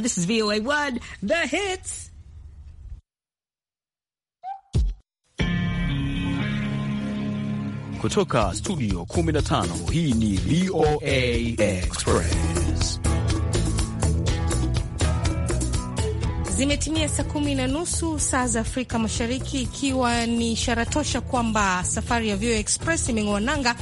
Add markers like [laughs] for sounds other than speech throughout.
This is VOA World, the hits. Kutoka studio 15 hii ni VOA Express. Zimetimia saa kumi na nusu saa za Afrika Mashariki, ikiwa ni ishara tosha kwamba safari ya VOA Express imeng'oa nanga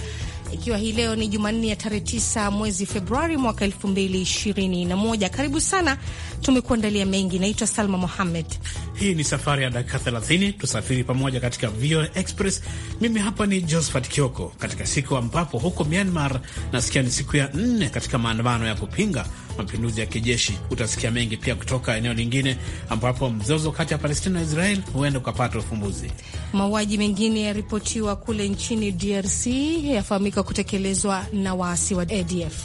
ikiwa hii leo ni Jumanne ya tarehe 9 mwezi Februari mwaka 2021. Karibu sana tumekuandalia mengi. Naitwa Salma Mohamed. Hii ni safari ya dakika 30, tusafiri pamoja katika VOA Express. Mimi hapa ni Josephat Kioko, katika siku ambapo huko Myanmar nasikia ni siku ya nne katika maandamano ya kupinga mapinduzi ya kijeshi. Utasikia mengi pia kutoka eneo lingine ambapo mzozo kati ya Palestina na Israel huenda ukapata ufumbuzi. Mauaji mengine yaripotiwa kule nchini DRC yafahamika kutekelezwa na waasi wa ADF.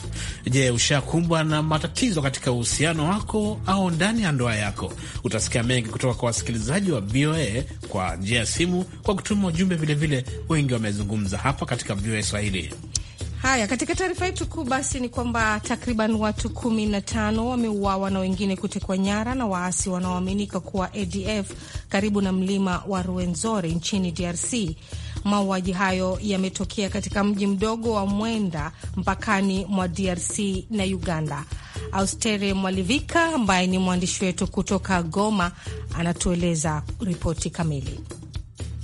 Je, ushakumbwa na matatizo katika uhusiano wako au ndani ya ndoa yako? Utasikia mengi kutoka kwa wasikilizaji wa VOA kwa njia ya simu, kwa kutuma ujumbe, vilevile wengi wamezungumza hapa katika VOA Swahili. Haya, katika taarifa yetu kuu basi ni kwamba takriban watu kumi na tano wameuawa na wengine kutekwa nyara na waasi wanaoaminika kuwa ADF karibu na mlima wa ruenzori nchini DRC. Mauaji hayo yametokea katika mji mdogo wa Mwenda mpakani mwa DRC na Uganda. Austere Mwalivika ambaye ni mwandishi wetu kutoka Goma anatueleza ripoti kamili.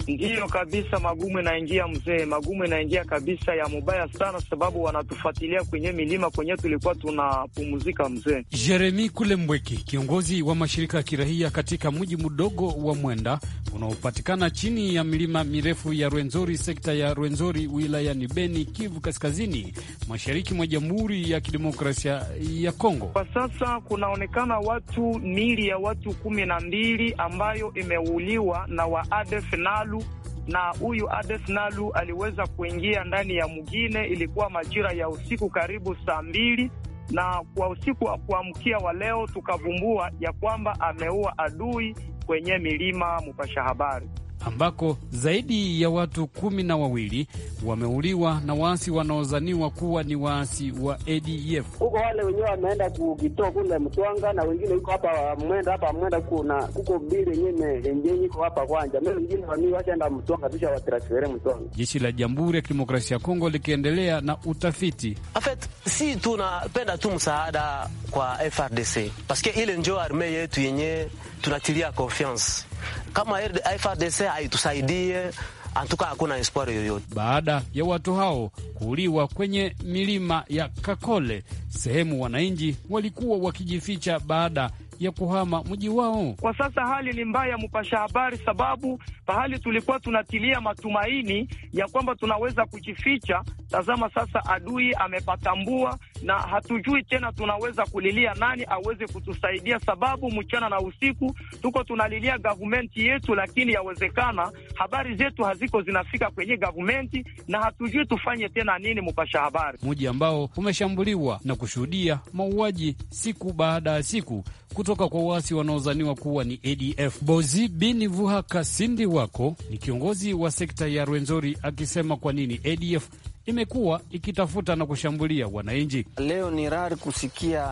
Ndiyo kabisa, magumu inaingia mzee, magumu inaingia kabisa ya mubaya sana, sababu wanatufuatilia kwenye milima kwenye tulikuwa tunapumzika. Mzee Jeremi kulembweki kiongozi wa mashirika ya kirahia katika mji mdogo wa Mwenda unaopatikana chini ya milima mirefu ya Rwenzori, sekta ya Rwenzori wilayani Beni, Kivu Kaskazini, mashariki mwa Jamhuri ya Kidemokrasia ya Kongo. Kwa sasa kunaonekana watu, mili ya watu kumi na mbili ambayo imeuliwa na wa ADF nalo na huyu Ades Nalu aliweza kuingia ndani ya mwingine. Ilikuwa majira ya usiku karibu saa mbili, na kwa usiku wa kuamkia wa leo tukavumbua ya kwamba ameua adui kwenye milima. Mupasha habari ambako zaidi ya watu kumi na wawili wameuliwa na waasi wanaozaniwa kuwa ni waasi wa ADF. Huko wale wenyewe wameenda kukitoa kule Mtwanga na wengine iko hapa mwenda hapa mwenda kuna kuko mbili yenyewe enjeni iko hapa kwanja mimi wengine wami washaenda Mtwanga kisha watransfere Mtwanga. Jeshi la Jamhuri ya Kidemokrasia ya Kongo likiendelea na utafiti. Afet, si tunapenda tu msaada kwa FRDC. Paske ile njo arme yetu yenyewe tunatilia confiance kama FARDC haitusaidie antuka hakuna espoir yoyote. Baada ya watu hao kuuliwa kwenye milima ya Kakole, sehemu wananchi walikuwa wakijificha baada ya kuhama mji wao. Kwa sasa hali ni mbaya, mpasha habari, sababu pahali tulikuwa tunatilia matumaini ya kwamba tunaweza kujificha, tazama sasa adui amepatambua, na hatujui tena tunaweza kulilia nani aweze kutusaidia, sababu mchana na usiku tuko tunalilia gavumenti yetu, lakini yawezekana habari zetu haziko zinafika kwenye gavumenti na hatujui tufanye tena nini, mpasha habari. Mji ambao umeshambuliwa na kushuhudia mauaji siku baada ya siku kuto kutoka kwa waasi wanaozaniwa kuwa ni ADF. Bozi Bini Vuha Kasindi wako ni kiongozi wa sekta ya Rwenzori akisema kwa nini ADF imekuwa ikitafuta na kushambulia wananchi. Leo ni rari kusikia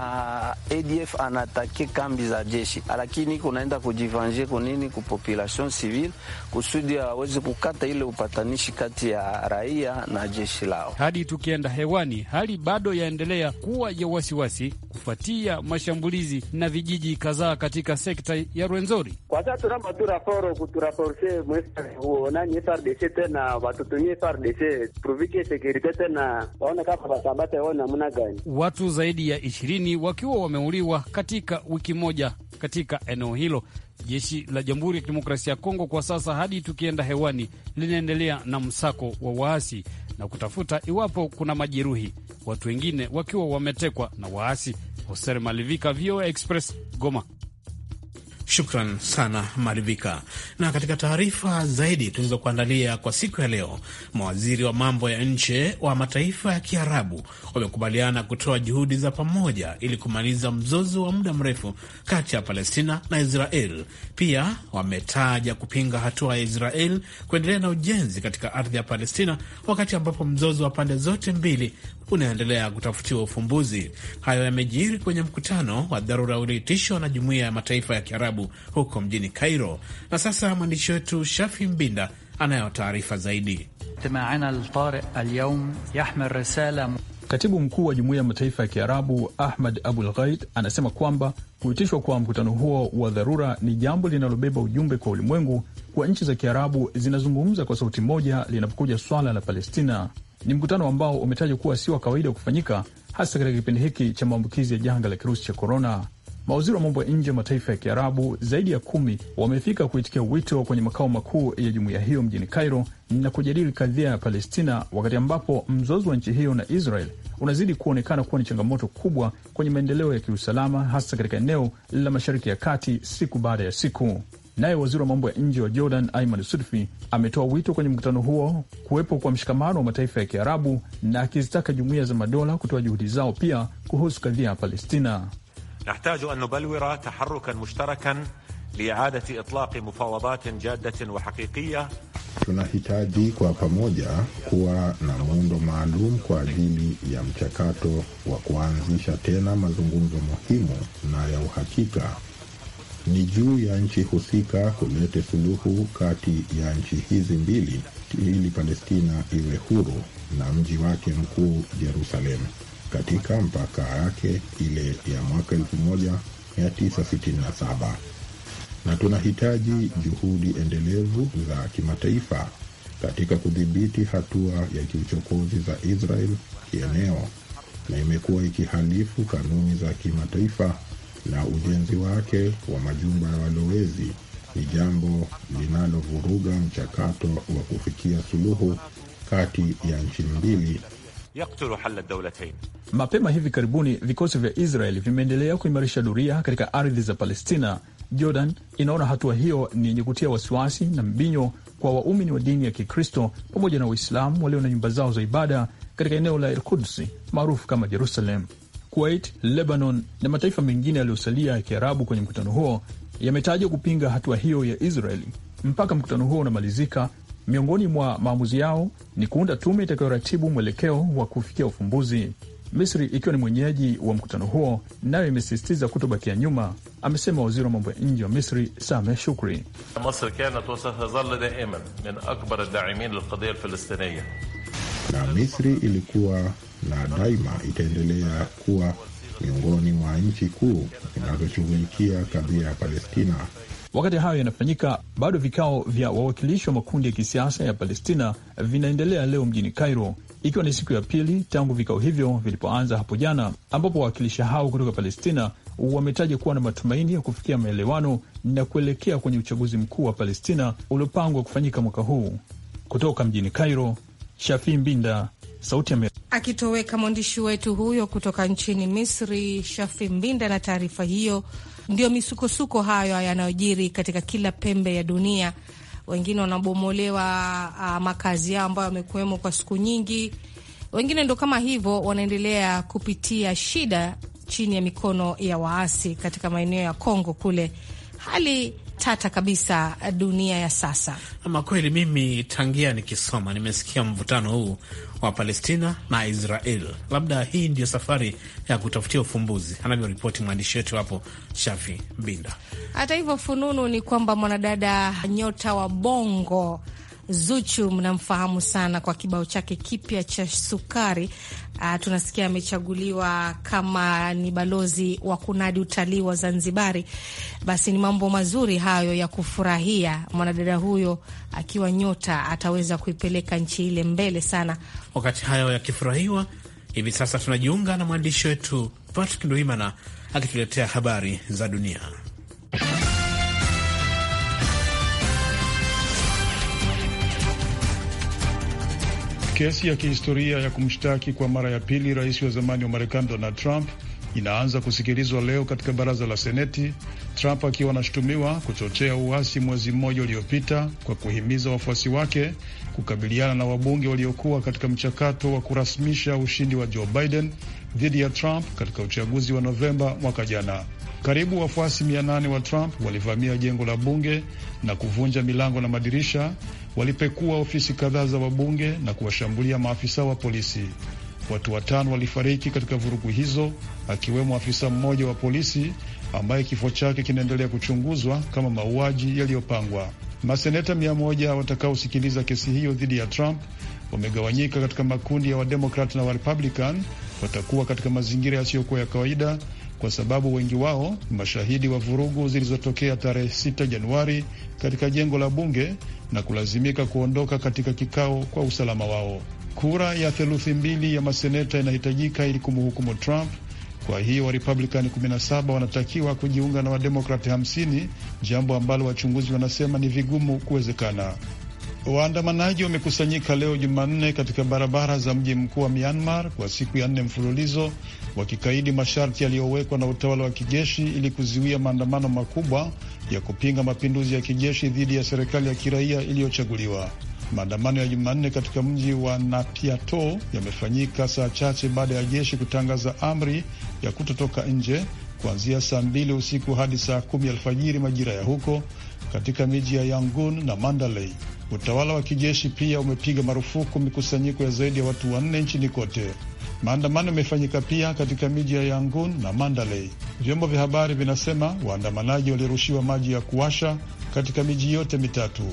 ADF anatake kambi za jeshi, lakini kunaenda kujivanje kunini kupopulation civil kusudi aweze kukata ile upatanishi kati ya raia na jeshi lao. Hadi tukienda hewani, hali bado yaendelea kuwa ya wasiwasi kufuatia mashambulizi na vijiji kadhaa katika sekta ya Rwenzori. Kwa sasa tunaomba tu raforo kuturaforce FRDC tena watutumie FRDC sekurite tena waone kama wao namna gani. Watu zaidi ya ishirini wakiwa wameuliwa katika wiki moja katika eneo hilo. Jeshi la Jamhuri ya Kidemokrasia ya Kongo kwa sasa hadi tukienda hewani linaendelea na msako wa waasi na kutafuta iwapo kuna majeruhi, watu wengine wakiwa wametekwa na waasi. Hoser Malivika, VOA Express, Goma. Shukran sana malivika Na katika taarifa zaidi tulizokuandalia kwa siku ya leo, mawaziri wa mambo ya nje wa mataifa ya Kiarabu wamekubaliana kutoa juhudi za pamoja ili kumaliza mzozo wa muda mrefu kati ya Palestina na Israel. Pia wametaja kupinga hatua ya Israel kuendelea na ujenzi katika ardhi ya Palestina, wakati ambapo mzozo wa pande zote mbili unaendelea kutafutiwa ufumbuzi. Hayo yamejiri kwenye mkutano wa dharura ulioitishwa na Jumuiya ya Mataifa ya Kiarabu huko mjini Kairo. Na sasa mwandishi wetu Shafi Mbinda anayo taarifa zaidi. Katibu mkuu wa Jumuiya ya Mataifa ya Kiarabu Ahmad Abul Ghaid anasema kwamba kuitishwa kwa mkutano huo wa dharura ni jambo linalobeba ujumbe kwa ulimwengu, kwa nchi za Kiarabu zinazungumza kwa sauti moja linapokuja swala la Palestina. Ni mkutano ambao umetajwa kuwa si wa kawaida wa kufanyika hasa katika kipindi hiki cha maambukizi ya janga la kirusi cha korona. Mawaziri wa mambo ya nje mataifa ya Kiarabu zaidi ya kumi wamefika kuitikia wito kwenye makao makuu ya jumuiya hiyo mjini Cairo na kujadili kadhia ya Palestina, wakati ambapo mzozo wa nchi hiyo na Israel unazidi kuonekana kuwa ni changamoto kubwa kwenye maendeleo ya kiusalama, hasa katika eneo la Mashariki ya Kati siku baada ya siku. Naye waziri wa mambo ya nje wa Jordan Aiman Sudfi ametoa wito kwenye mkutano huo kuwepo kwa mshikamano wa mataifa ya Kiarabu na akizitaka jumuiya za madola kutoa juhudi zao pia kuhusu kadhia ya Palestina. nahtaju an nubalwira taharukan mushtarakan liiadati itlaqi mufawadatin jaddatin wa haqiqiya Tunahitaji kwa pamoja kuwa na muundo maalum kwa ajili ya mchakato wa kuanzisha tena mazungumzo muhimu na ya uhakika ni juu ya nchi husika kulete suluhu kati ya nchi hizi mbili ili Palestina iwe huru na mji wake mkuu Jerusalemu katika mpaka yake ile ya mwaka 1967 na tunahitaji juhudi endelevu za kimataifa katika kudhibiti hatua ya kiuchokozi za Israel kieneo na imekuwa ikihalifu kanuni za kimataifa na ujenzi wake wa majumba ya walowezi ni jambo linalovuruga mchakato wa kufikia suluhu kati ya nchi mbili. Mapema hivi karibuni vikosi vya Israeli vimeendelea kuimarisha doria katika ardhi za Palestina. Jordan inaona hatua hiyo ni yenye kutia wasiwasi na mbinyo kwa waumini wa dini ya Kikristo pamoja na Waislamu walio na nyumba zao za ibada katika eneo la Irkutsk maarufu kama Jerusalem. Kuwait, Lebanon na mataifa mengine yaliyosalia ya Kiarabu kwenye mkutano huo yametajwa kupinga hatua hiyo ya Israeli mpaka mkutano huo unamalizika. Miongoni mwa maamuzi yao ni kuunda tume itakayoratibu mwelekeo wa kufikia ufumbuzi. Misri ikiwa ni mwenyeji wa mkutano huo, nayo imesisitiza kutobakia nyuma, amesema waziri wa mambo ya nje wa Misri Sameh Shukri na Misri ilikuwa na daima itaendelea kuwa miongoni mwa nchi kuu zinazoshughulikia kadhia ya Palestina. Wakati hayo yanafanyika, bado vikao vya wawakilishi wa makundi ya kisiasa ya Palestina vinaendelea leo mjini Cairo, ikiwa ni siku ya pili tangu vikao hivyo vilipoanza hapo jana, ambapo wawakilishi hao kutoka Palestina wametaja kuwa na matumaini ya kufikia maelewano na kuelekea kwenye uchaguzi mkuu wa Palestina uliopangwa kufanyika mwaka huu. Kutoka mjini Cairo, Shafii Mbinda, Sauti Amerika. Akitoweka mwandishi wetu huyo kutoka nchini Misri, Shafi Mbinda na taarifa hiyo. ndio misukosuko hayo yanayojiri katika kila pembe ya dunia, wengine wanabomolewa ah, makazi yao ambayo wamekuwemo kwa siku nyingi, wengine ndo kama hivyo wanaendelea kupitia shida chini ya mikono ya waasi katika maeneo ya Kongo kule. Hali tata kabisa dunia ya sasa. Ama kweli, mimi tangia nikisoma nimesikia mvutano huu wa Palestina na Israel. Labda hii ndio safari ya kutafutia ufumbuzi, anavyoripoti mwandishi wetu hapo Shafi binda Hata hivyo, fununu ni kwamba mwanadada nyota wa Bongo Zuchu mnamfahamu sana kwa kibao chake kipya cha Sukari. Uh, tunasikia amechaguliwa kama ni balozi wa kunadi utalii wa Zanzibari. Basi ni mambo mazuri hayo ya kufurahia. Mwanadada huyo akiwa nyota ataweza kuipeleka nchi ile mbele sana. Wakati hayo yakifurahiwa, hivi sasa tunajiunga na mwandishi wetu Patrick Nduimana akituletea habari za dunia. Kesi ya kihistoria ya kumshtaki kwa mara ya pili rais wa zamani wa Marekani Donald Trump inaanza kusikilizwa leo katika baraza la Seneti, Trump akiwa anashutumiwa kuchochea uasi mwezi mmoja uliopita kwa kuhimiza wafuasi wake kukabiliana na wabunge waliokuwa katika mchakato wa kurasmisha ushindi wa Joe Biden dhidi ya Trump katika uchaguzi wa Novemba mwaka jana. Karibu wafuasi mia nane wa Trump walivamia jengo la bunge na kuvunja milango na madirisha walipekua ofisi kadhaa za wabunge na kuwashambulia maafisa wa polisi. Watu watano walifariki katika vurugu hizo, akiwemo afisa mmoja wa polisi ambaye kifo chake kinaendelea kuchunguzwa kama mauaji yaliyopangwa. Maseneta mia moja watakaosikiliza kesi hiyo dhidi ya Trump wamegawanyika katika makundi ya Wademokrat na Warepublican. Watakuwa katika mazingira yasiyokuwa ya kawaida kwa sababu wengi wao mashahidi wa vurugu zilizotokea tarehe 6 Januari katika jengo la bunge na kulazimika kuondoka katika kikao kwa usalama wao. Kura ya theluthi mbili ya maseneta inahitajika ili kumhukumu Trump. Kwa hiyo Warepublikani 17 wanatakiwa kujiunga na Wademokrati 50, jambo ambalo wachunguzi wanasema ni vigumu kuwezekana. Waandamanaji wamekusanyika leo Jumanne katika barabara za mji mkuu wa Myanmar kwa siku ya nne mfululizo, wakikaidi masharti yaliyowekwa na utawala wa kijeshi ili kuzuia maandamano makubwa ya kupinga mapinduzi ya kijeshi dhidi ya serikali ya kiraia iliyochaguliwa. Maandamano ya Jumanne katika mji wa Napiato yamefanyika saa chache baada ya jeshi kutangaza amri ya kutotoka nje kuanzia saa mbili usiku hadi saa kumi alfajiri majira ya huko katika miji ya Yangon na Mandalay. Utawala wa kijeshi pia umepiga marufuku mikusanyiko ya zaidi ya watu wanne nchini kote. Maandamano yamefanyika pia katika miji ya Yangon na Mandalay. Vyombo vya habari vinasema waandamanaji walirushiwa maji ya kuwasha katika miji yote mitatu.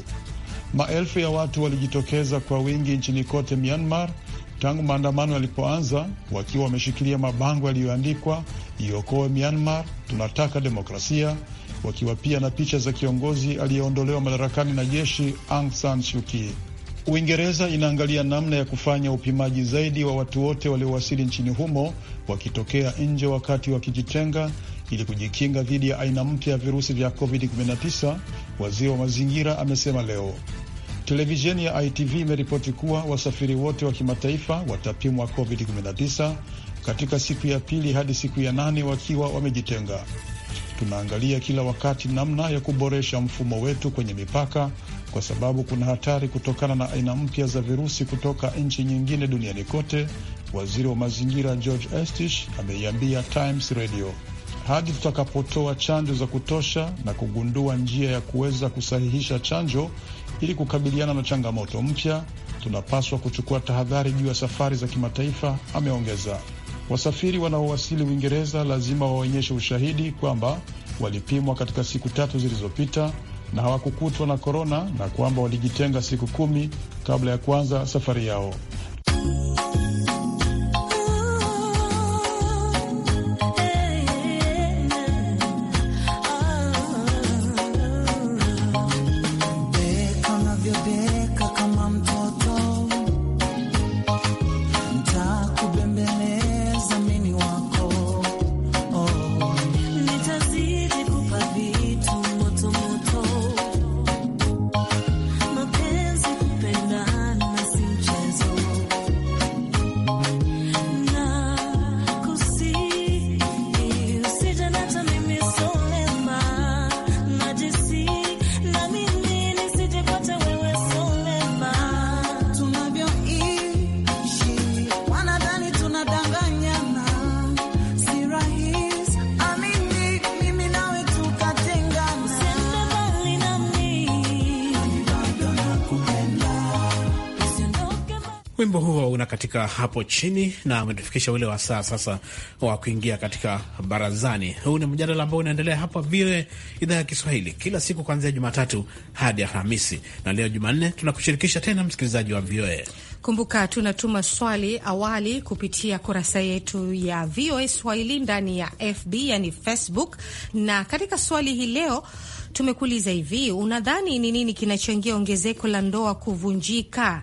Maelfu ya watu walijitokeza kwa wingi nchini kote Myanmar tangu maandamano yalipoanza, wakiwa wameshikilia mabango yaliyoandikwa iokoe Myanmar, tunataka demokrasia wakiwa pia na picha za kiongozi aliyeondolewa madarakani na jeshi Aung San Suu Kyi. Uingereza inaangalia namna ya kufanya upimaji zaidi wa watu wote waliowasili nchini humo wakitokea nje wakati wakijitenga ili kujikinga dhidi ya aina mpya ya virusi vya COVID-19, waziri wa mazingira amesema leo. Televisheni ya ITV imeripoti kuwa wasafiri wote wa kimataifa watapimwa COVID-19 katika siku ya pili hadi siku ya nane wakiwa wamejitenga. Tunaangalia kila wakati namna ya kuboresha mfumo wetu kwenye mipaka, kwa sababu kuna hatari kutokana na aina mpya za virusi kutoka nchi nyingine duniani kote, waziri wa mazingira George Estish ameiambia Times Radio. Hadi tutakapotoa chanjo za kutosha na kugundua njia ya kuweza kusahihisha chanjo ili kukabiliana na changamoto mpya, tunapaswa kuchukua tahadhari juu ya safari za kimataifa, ameongeza. Wasafiri wanaowasili Uingereza lazima waonyeshe ushahidi kwamba walipimwa katika siku tatu zilizopita na hawakukutwa na korona na kwamba walijitenga siku kumi kabla ya kuanza safari yao. katika hapo chini na ametufikisha ule wasaa sasa wa kuingia katika barazani. Huu ni mjadala ambao unaendelea hapa vile idhaa ya Kiswahili kila siku kuanzia Jumatatu hadi Alhamisi, na leo Jumanne tunakushirikisha tena, msikilizaji wa VOA. Kumbuka tunatuma swali awali kupitia kurasa yetu ya VOA Swahili ndani ya FB, yani Facebook, na katika swali hii leo tumekuuliza hivi, unadhani ni nini kinachangia ongezeko la ndoa kuvunjika?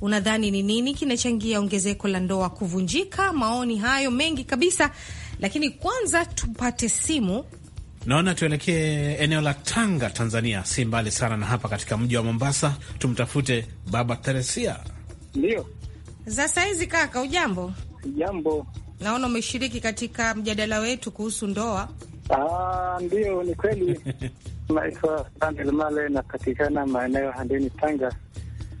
Unadhani ni nini kinachangia ongezeko la ndoa kuvunjika? Maoni hayo mengi kabisa, lakini kwanza tupate simu. Naona tuelekee eneo la Tanga, Tanzania, si mbali sana na hapa katika mji wa Mombasa. Tumtafute Baba Teresia. Ndio za saizi. Kaka ujambo? Jambo. Naona umeshiriki katika mjadala wetu kuhusu ndoa. Ah, ndio ni kweli. [laughs] Naitwa Daniel Male, napatikana maeneo Handeni, Tanga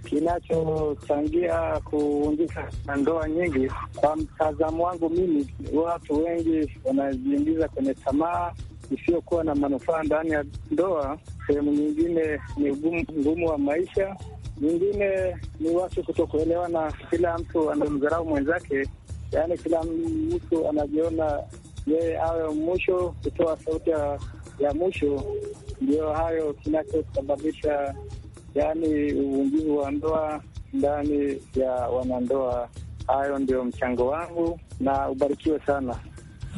kinachochangia kuvunjika na ndoa nyingi. Kwa mtazamo wangu mimi, watu wengi wanajiingiza kwenye tamaa isiyokuwa na manufaa ndani ya ndoa. Sehemu nyingine ni ugumu wa maisha, nyingine ni watu kutokuelewana, kila mtu anamdharau mwenzake, yaani kila mtu anajiona yeye awe mwisho, kutoa sauti ya mwisho. Ndio hayo kinachosababisha yaani uvunjivu wa ndoa ndani ya wanandoa. Hayo ndio mchango wangu na ubarikiwe sana.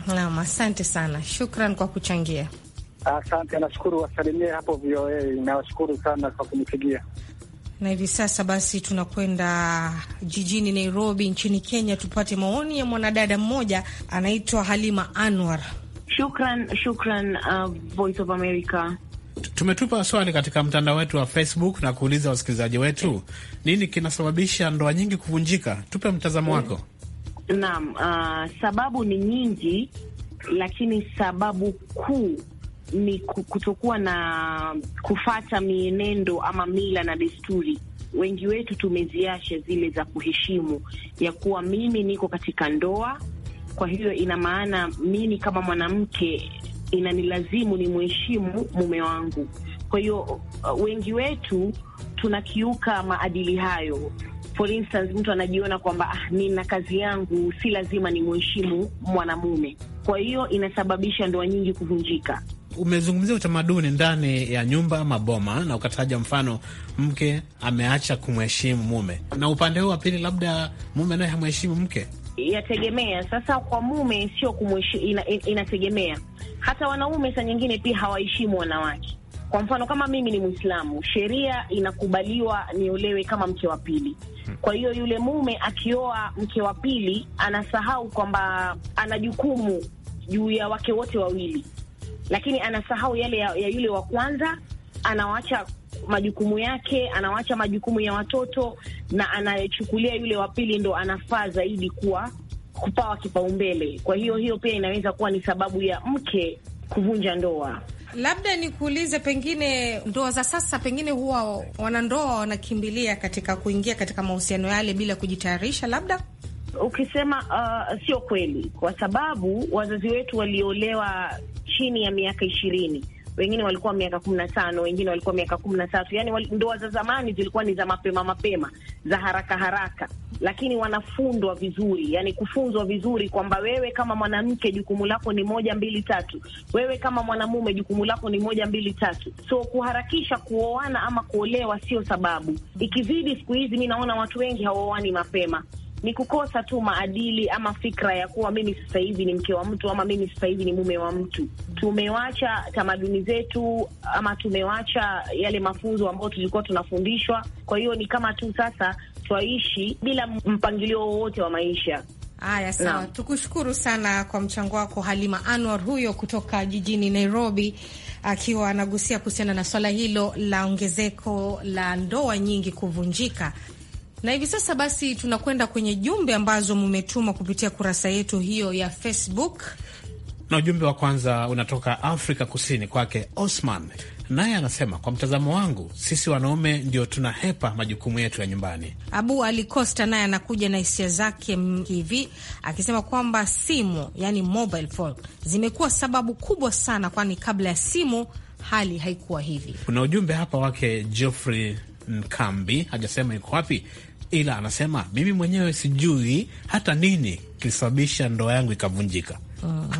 Naam, asante sana, shukran kwa kuchangia. Asante, nashukuru. Wasalimie hapo VOA, nawashukuru sana kwa kunipigia. Na hivi sasa basi tunakwenda jijini Nairobi nchini Kenya, tupate maoni ya mwanadada mmoja anaitwa Halima Anwar. Shukran, shukran uh, Voice of America Tumetupa swali katika mtandao wetu wa Facebook na kuuliza wasikilizaji wetu, nini kinasababisha ndoa nyingi kuvunjika? Tupe mtazamo wako. Naam, uh, sababu ni nyingi, lakini sababu kuu ni kutokuwa na kufata mienendo ama mila na desturi. Wengi wetu tumeziasha zile za kuheshimu, ya kuwa mimi niko katika ndoa, kwa hiyo ina maana mimi kama mwanamke inanilazimu ni mheshimu mume wangu. Kwa hiyo uh, wengi wetu tunakiuka maadili hayo. For instance, mtu anajiona kwamba ah, nina kazi yangu, si lazima ni mheshimu mwanamume. Kwa hiyo inasababisha ndoa nyingi kuvunjika. Umezungumzia utamaduni ndani ya nyumba ama boma, na ukataja mfano mke ameacha kumheshimu mume, na upande huu wa pili, labda mume naye hamheshimu mke. Yategemea sasa, kwa mume sio kumheshimu, ina, inategemea hata wanaume saa nyingine pia hawaheshimu wanawake. Kwa mfano kama mimi ni Mwislamu, sheria inakubaliwa niolewe kama mke wa pili. Kwa hiyo yule mume akioa mke wa pili anasahau kwamba ana jukumu juu ya wake wote wawili, lakini anasahau yale ya, ya yule wa kwanza, anawaacha majukumu yake, anawacha majukumu ya watoto na anayechukulia yule wa pili ndo anafaa zaidi kuwa kupawa kipaumbele. Kwa hiyo hiyo pia inaweza kuwa ni sababu ya mke kuvunja ndoa. Labda nikuulize, pengine ndoa za sasa, pengine huwa wanandoa wanakimbilia katika kuingia katika mahusiano yale bila kujitayarisha, labda ukisema uh, sio kweli, kwa sababu wazazi wetu waliolewa chini ya miaka ishirini wengine walikuwa miaka kumi na tano wengine walikuwa miaka kumi na tatu Yani ndoa za zamani zilikuwa ni za mapema mapema, za haraka haraka, lakini wanafundwa vizuri, yani kufunzwa vizuri kwamba wewe kama mwanamke jukumu lako ni moja mbili tatu, wewe kama mwanamume jukumu lako ni moja mbili tatu. So kuharakisha kuoana ama kuolewa sio sababu. Ikizidi siku hizi, mi naona watu wengi hawaoani mapema ni kukosa tu maadili ama fikra ya kuwa mimi sasa hivi ni mke wa mtu ama mimi sasa hivi ni mume wa mtu. Tumewacha tamaduni zetu ama tumewacha yale mafunzo ambayo tulikuwa tunafundishwa. Kwa hiyo ni kama tu sasa twaishi bila mpangilio wowote wa maisha. Haya, sawa. Tukushukuru sana kwa mchango wako Halima Anwar, huyo kutoka jijini Nairobi, akiwa anagusia kuhusiana na swala hilo la ongezeko la ndoa nyingi kuvunjika. Na hivi sasa basi tunakwenda kwenye jumbe ambazo mmetuma kupitia kurasa yetu hiyo ya Facebook, na ujumbe wa kwanza unatoka Afrika Kusini, kwake Osman, naye anasema kwa mtazamo wangu, sisi wanaume ndio tunahepa majukumu yetu ya nyumbani. Abu Ali Costa naye anakuja na hisia zake hivi akisema kwamba simu, yani mobile phone, zimekuwa sababu kubwa sana, kwani kabla ya simu hali haikuwa hivi. Kuna ujumbe hapa wake Geoffrey Nkambi, hajasema yuko wapi, ila anasema mimi mwenyewe sijui hata nini kilisababisha ndoa yangu ikavunjika.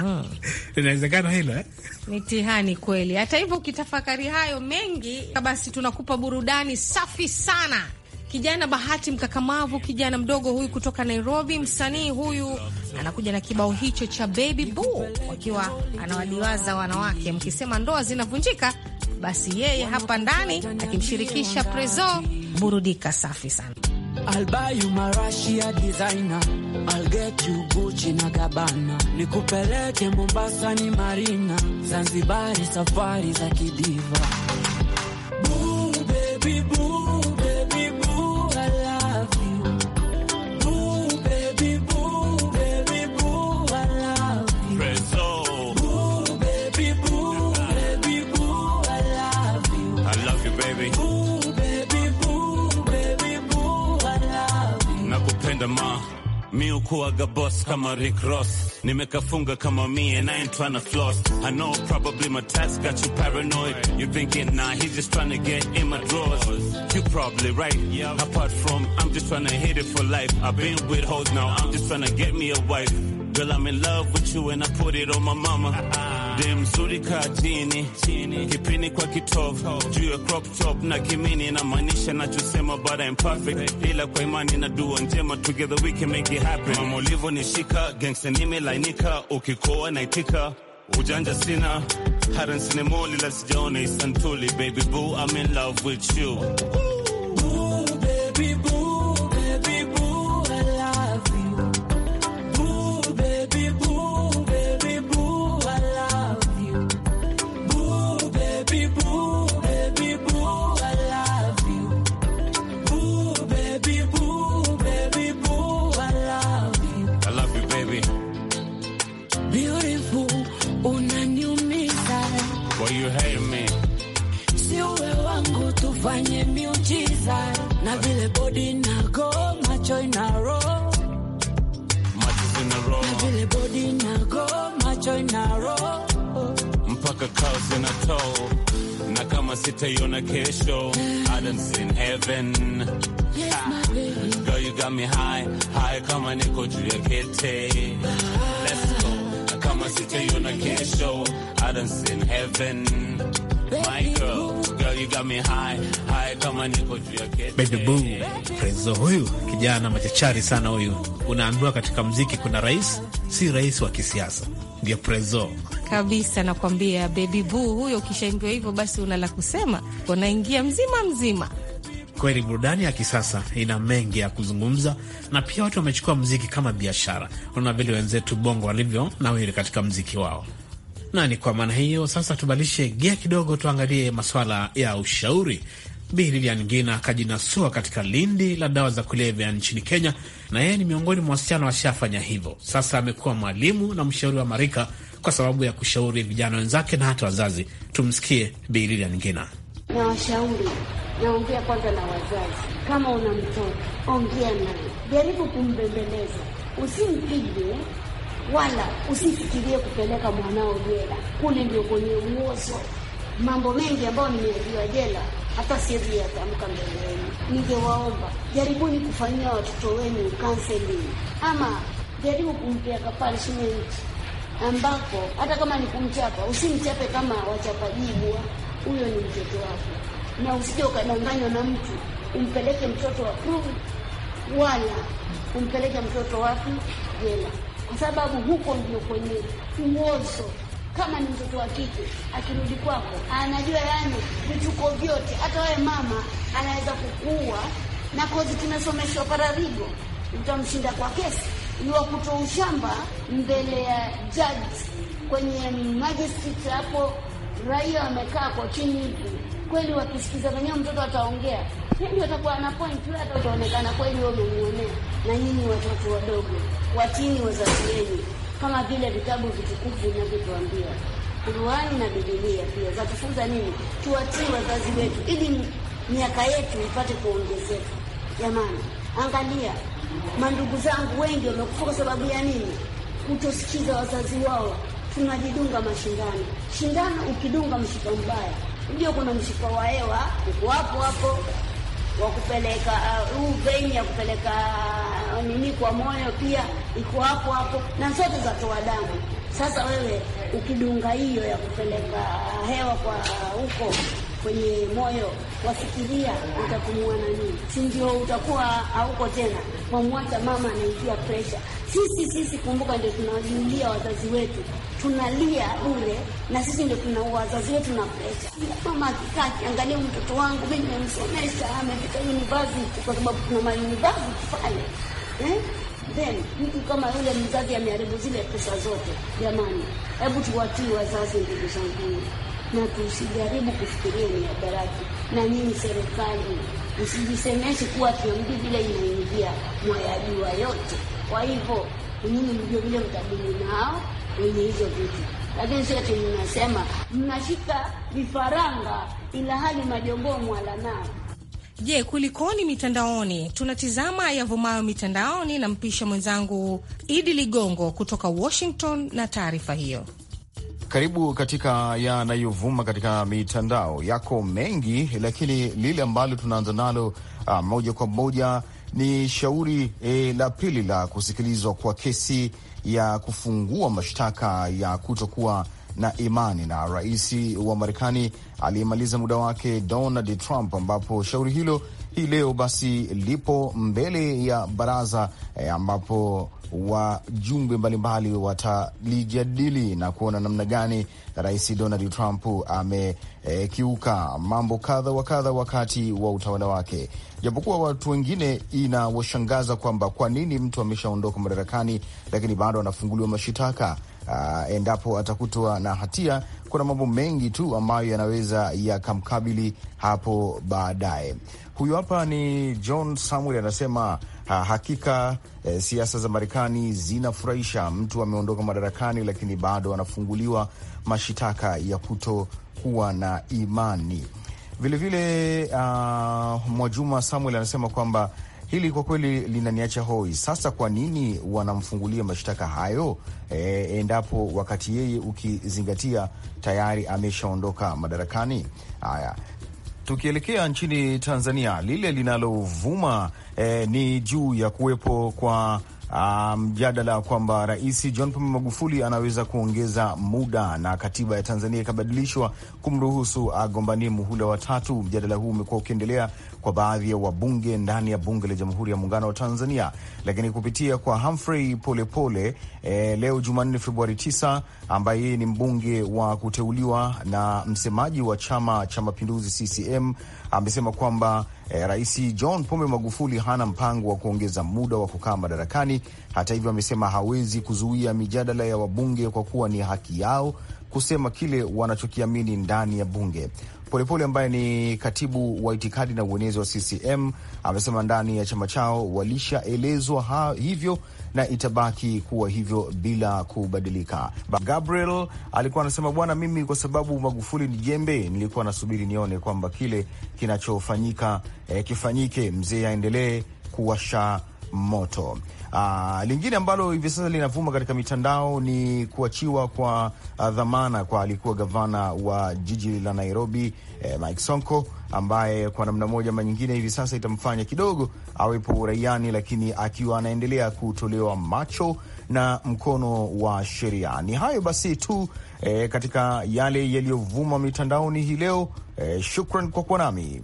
[laughs] Inawezekana hilo eh? Mitihani kweli. Hata hivyo, ukitafakari hayo mengi, basi tunakupa burudani safi sana. Kijana Bahati mkakamavu, kijana mdogo huyu kutoka Nairobi, msanii huyu anakuja na kibao hicho cha Baby Boo, wakiwa anawaliwaza wanawake, mkisema ndoa zinavunjika, basi yeye hapa ndani akimshirikisha Prezo. Burudika safi sana. I'll buy you my Russia designer. I'll get you Gucci na Gabbana. Nikupeleke Mombasa ni Marina. Zanzibari safari za kidiva. Boom baby boom. mi ukuwa gabos kama Rick Ross, nimekafunga kama me and I ain't trying to floss. I know probably my tats got you paranoid. You thinking nah, he's just trying to get in my drawers. You probably right. Apart from I'm just trying to hit it for life. I've been with hoes now, I'm just trying to get me a wife. Girl, I'm in love with you and I put it on my mama. dem mzuri kaa chini, kipini kwa kitov juu ya crop top na kimini, na maanisha nachosema, but I'm perfect, ila kwa imani na dua njema, together we can make it happen. Mama ulivo nishika, gangsta nimelainika, ukikoa naitika, ujanja sina, haransine moli la sijaona, isantuli baby boo, I'm in love with you utaiona kesho. Adams in heaven. Ah. Girl, you got me high, high kama niko juu ya kete. Let's go. Kama sitaiona kesho. Adams in heaven. My girl, girl, you got me high, high kama niko juu ya kete. Baby boo, Prezo huyu kijana machachari sana huyu. Unaambiwa katika mziki kuna rais, si rais wa kisiasa. Ndio Prezzo kabisa, nakwambia baby boo huyo, ukishaimbiwa hivyo basi una la kusema, unaingia mzima mzima. Kweli burudani ya kisasa ina mengi ya kuzungumza, na pia watu wamechukua mziki kama biashara. Unaona vile wenzetu Bongo walivyo nawili katika mziki wao, na ni kwa maana hiyo sasa tubadilishe gia kidogo, tuangalie maswala ya ushauri. Bi Lilian Ngina akajinasua katika lindi la dawa za kulevya nchini Kenya, na yeye ni miongoni mwa wasichana washafanya hivyo. Sasa amekuwa mwalimu na mshauri wa marika kwa sababu ya kushauri vijana wenzake na hata wazazi. Tumsikie Bi Lilian Ngina. naongea kwanza na wazazi, kama una mtoto ongea naye, jaribu kumbembeleza, usimpige wala usifikirie kupeleka mwanao jela. Kule ndio kwenye uozo. Mambo mengi ambayo nimeajiwa jela hata siwezi yatamka mbele yenu. Ningewaomba jaribuni kufanyia watoto wenu counseling, ama jaribu kumpea kapalishmenti ambako hata kama ni kumchapa usimchape kama wachapajibwa, huyo ni mtoto wako, na usije ukadanganywa na mtu umpeleke mtoto wa pruvu wala umpeleke mtoto wapi jela, kwa sababu huko ndio kwenye uozo. Kama ni mtoto wa kike akirudi kwako anajua, yani vichuko vyote, hata wewe mama anaweza kukua na kozi, tunasomeshwa pararigo, utamshinda kwa kesi ni wa kutoa ushamba mbele ya judge kwenye magistrate. Hapo raia wamekaa kwa chini hivi, kweli wakisikiza wenyewe, mtoto ataongea hivi, atakuwa ana point, wewe hata utaonekana kweli wewe umemuonea. Na nyinyi watoto wadogo, watini wazazi wenu, kama vile vitabu vitukufu vinavyotuambia Kurani na Biblia pia zatufunza nini? Tuwatii wazazi wetu ili miaka yetu ipate kuongezeka. Jamani, angalia Mandugu zangu wengi wamekufa kwa sababu ya nini? Kutosikiza wazazi wao. Tunajidunga mashindano, shindano ukidunga mshipa mbaya, ndio kuna mshipa wa hewa uko hapo hapo wa kupeleka uh, uveni ya kupeleka uh, nini kwa moyo pia iko hapo hapo, na zote zatoa damu. Sasa wewe ukidunga hiyo ya kupeleka uh, hewa kwa uh, huko kwenye moyo, wafikiria utakumua nani, si ndio? Utakuwa hauko tena, mwamwacha mama anaingia presha. Sisi sisi, kumbuka, ndio tunajulia wazazi wetu, tunalia ule na sisi ndio tuna wazazi wetu na presha. Mama akikaa akiangalia mtoto wangu, mi nimemsomesha amefika university, kwa sababu tuna mauniversity pale eh? Then mtu kama yule mzazi ameharibu zile pesa zote. Jamani, hebu tuwatii wazazi, ndugu zangu na tusijaribu kufikiria mihadarati, na nyinyi serikali usijisemeshe kuwa TMD vile inaingia mwayajua yote. Kwa hivyo nyinyi mjue vile mtabili nao wenye hizo vitu, lakini sio ati mnasema mnashika vifaranga ila hali majongoo mwala nao. Je, kulikoni mitandaoni? Tunatizama yavumayo mitandaoni. na mpisha mwenzangu Idi Ligongo kutoka Washington na taarifa hiyo. Karibu katika yanayovuma katika mitandao yako mengi, lakini lile ambalo tunaanza nalo uh, moja kwa moja ni shauri eh, la pili la kusikilizwa kwa kesi ya kufungua mashtaka ya kutokuwa na imani na rais wa Marekani aliyemaliza muda wake Donald Trump, ambapo shauri hilo hii leo basi lipo mbele ya baraza e, ambapo wajumbe mbalimbali watalijadili na kuona namna gani Rais Donald Trump amekiuka e, mambo kadha wa kadha wakati wa utawala wake, japokuwa watu wengine inawashangaza kwamba kwa nini mtu ameshaondoka madarakani lakini bado anafunguliwa mashitaka uh, endapo atakutwa na hatia, kuna mambo mengi tu ambayo yanaweza yakamkabili hapo baadaye. Huyu hapa ni John Samuel anasema ha, hakika e, siasa za Marekani zinafurahisha. Mtu ameondoka madarakani, lakini bado anafunguliwa mashitaka ya kutokuwa na imani. Vilevile vile, uh, Mwajuma Samuel anasema kwamba hili kwa kweli linaniacha hoi. Sasa kwa nini wanamfungulia mashtaka hayo? eh, endapo wakati yeye ukizingatia tayari ameshaondoka madarakani. Haya, tukielekea nchini Tanzania, lile linalovuma eh, ni juu ya kuwepo kwa Ah, mjadala um, kwamba Rais John Pombe Magufuli anaweza kuongeza muda na katiba ya Tanzania ikabadilishwa kumruhusu agombanie muhula wa tatu. Mjadala huu umekuwa ukiendelea kwa baadhi ya wabunge ndani ya Bunge la Jamhuri ya Muungano wa Tanzania, lakini kupitia kwa Humphrey Polepole e, eh, leo Jumanne Februari 9 ambaye yeye ni mbunge wa kuteuliwa na msemaji wa Chama cha Mapinduzi CCM amesema kwamba eh, Rais John Pombe Magufuli hana mpango wa kuongeza muda wa kukaa madarakani. Hata hivyo, amesema hawezi kuzuia mijadala ya wabunge kwa kuwa ni haki yao kusema kile wanachokiamini ndani ya bunge. Polepole ambaye ni katibu wa itikadi na uenezi wa CCM amesema ndani ya chama chao walishaelezwa hivyo na itabaki kuwa hivyo bila kubadilika. Gabriel alikuwa anasema, bwana, mimi kwa sababu Magufuli ni jembe, nilikuwa nasubiri nione kwamba kile kinachofanyika eh, kifanyike, mzee aendelee kuwasha moto. Uh, lingine ambalo hivi sasa linavuma katika mitandao ni kuachiwa kwa uh, dhamana kwa aliyekuwa gavana wa jiji la Nairobi eh, Mike Sonko ambaye kwa namna moja ama nyingine hivi sasa itamfanya kidogo awepo uraiani, lakini akiwa anaendelea kutolewa macho na mkono wa sheria. Ni hayo basi tu eh, katika yale yaliyovuma mitandaoni hii leo eh, shukran kwa kuwa nami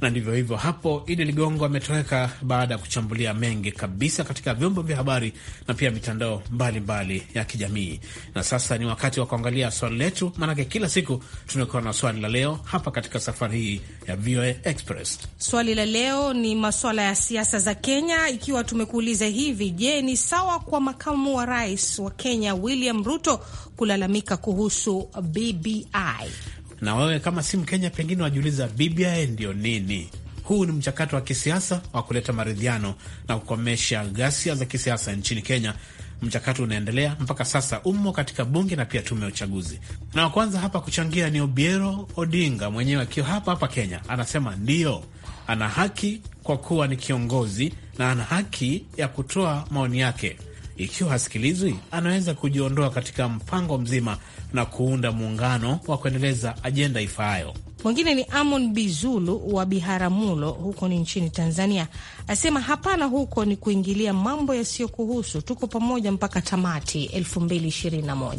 na ndivyo hivyo hapo. Idi Ligongo ametoweka baada ya kuchambulia mengi kabisa katika vyombo vya habari na pia mitandao mbalimbali mbali ya kijamii. Na sasa ni wakati wa kuangalia swali letu, maanake kila siku tunakuwa na swali la leo hapa katika safari hii ya VOA Express. Swali la leo ni maswala ya siasa za Kenya, ikiwa tumekuuliza hivi: je, ni sawa kwa makamu wa rais wa Kenya William Ruto kulalamika kuhusu BBI? na wewe kama si Mkenya pengine wajiuliza BBI ndio nini? Huu ni mchakato wa kisiasa wa kuleta maridhiano na kukomesha ghasia za kisiasa nchini Kenya. Mchakato unaendelea mpaka sasa, umo katika bunge na pia tume ya uchaguzi. Na wa kwanza hapa kuchangia ni Obiero Odinga mwenyewe akiwa hapa hapa Kenya, anasema ndiyo, ana haki kwa kuwa ni kiongozi na ana haki ya kutoa maoni yake ikiwa hasikilizwi, anaweza kujiondoa katika mpango mzima na kuunda muungano wa kuendeleza ajenda ifaayo. Mwingine ni Amon Bizulu wa Biharamulo, huko ni nchini Tanzania, asema hapana, huko ni kuingilia mambo yasiyokuhusu. Tuko pamoja mpaka tamati 2021.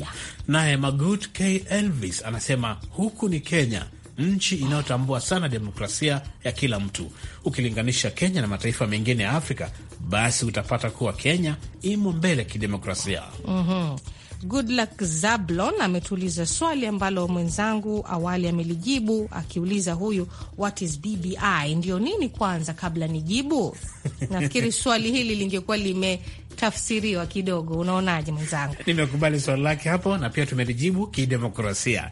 Naye Magut K Elvis anasema huku ni Kenya, nchi inayotambua sana demokrasia ya kila mtu ukilinganisha Kenya na mataifa mengine ya Afrika basi utapata kuwa Kenya imo mbele kidemokrasia. mm -hmm. Goodluck Zablon ametuuliza swali ambalo mwenzangu awali amelijibu akiuliza, huyu what is BBI ndio nini? Kwanza kabla nijibu, [laughs] nafikiri swali hili lingekuwa limetafsiriwa kidogo. Unaonaje mwenzangu? Nimekubali swali lake hapo na pia tumelijibu kidemokrasia,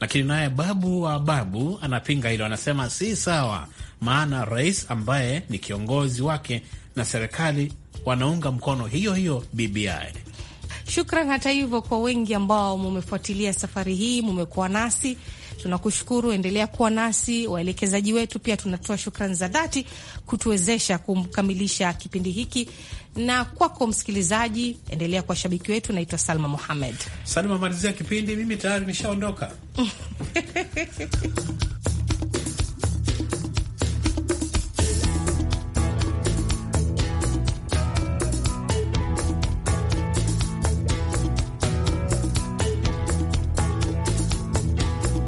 lakini naye babu wa babu anapinga hilo, anasema si sawa, maana rais ambaye ni kiongozi wake na serikali wanaunga mkono hiyo hiyo BBI. Shukran hata hivyo kwa wengi ambao mumefuatilia safari hii, mumekuwa nasi tunakushukuru. Endelea kuwa nasi. Waelekezaji wetu pia tunatoa shukrani za dhati kutuwezesha kumkamilisha kipindi hiki, na kwako msikilizaji, endelea kuwa shabiki wetu. Naitwa Salma Muhamed. Salma, malizia kipindi, mimi tayari nishaondoka. [laughs]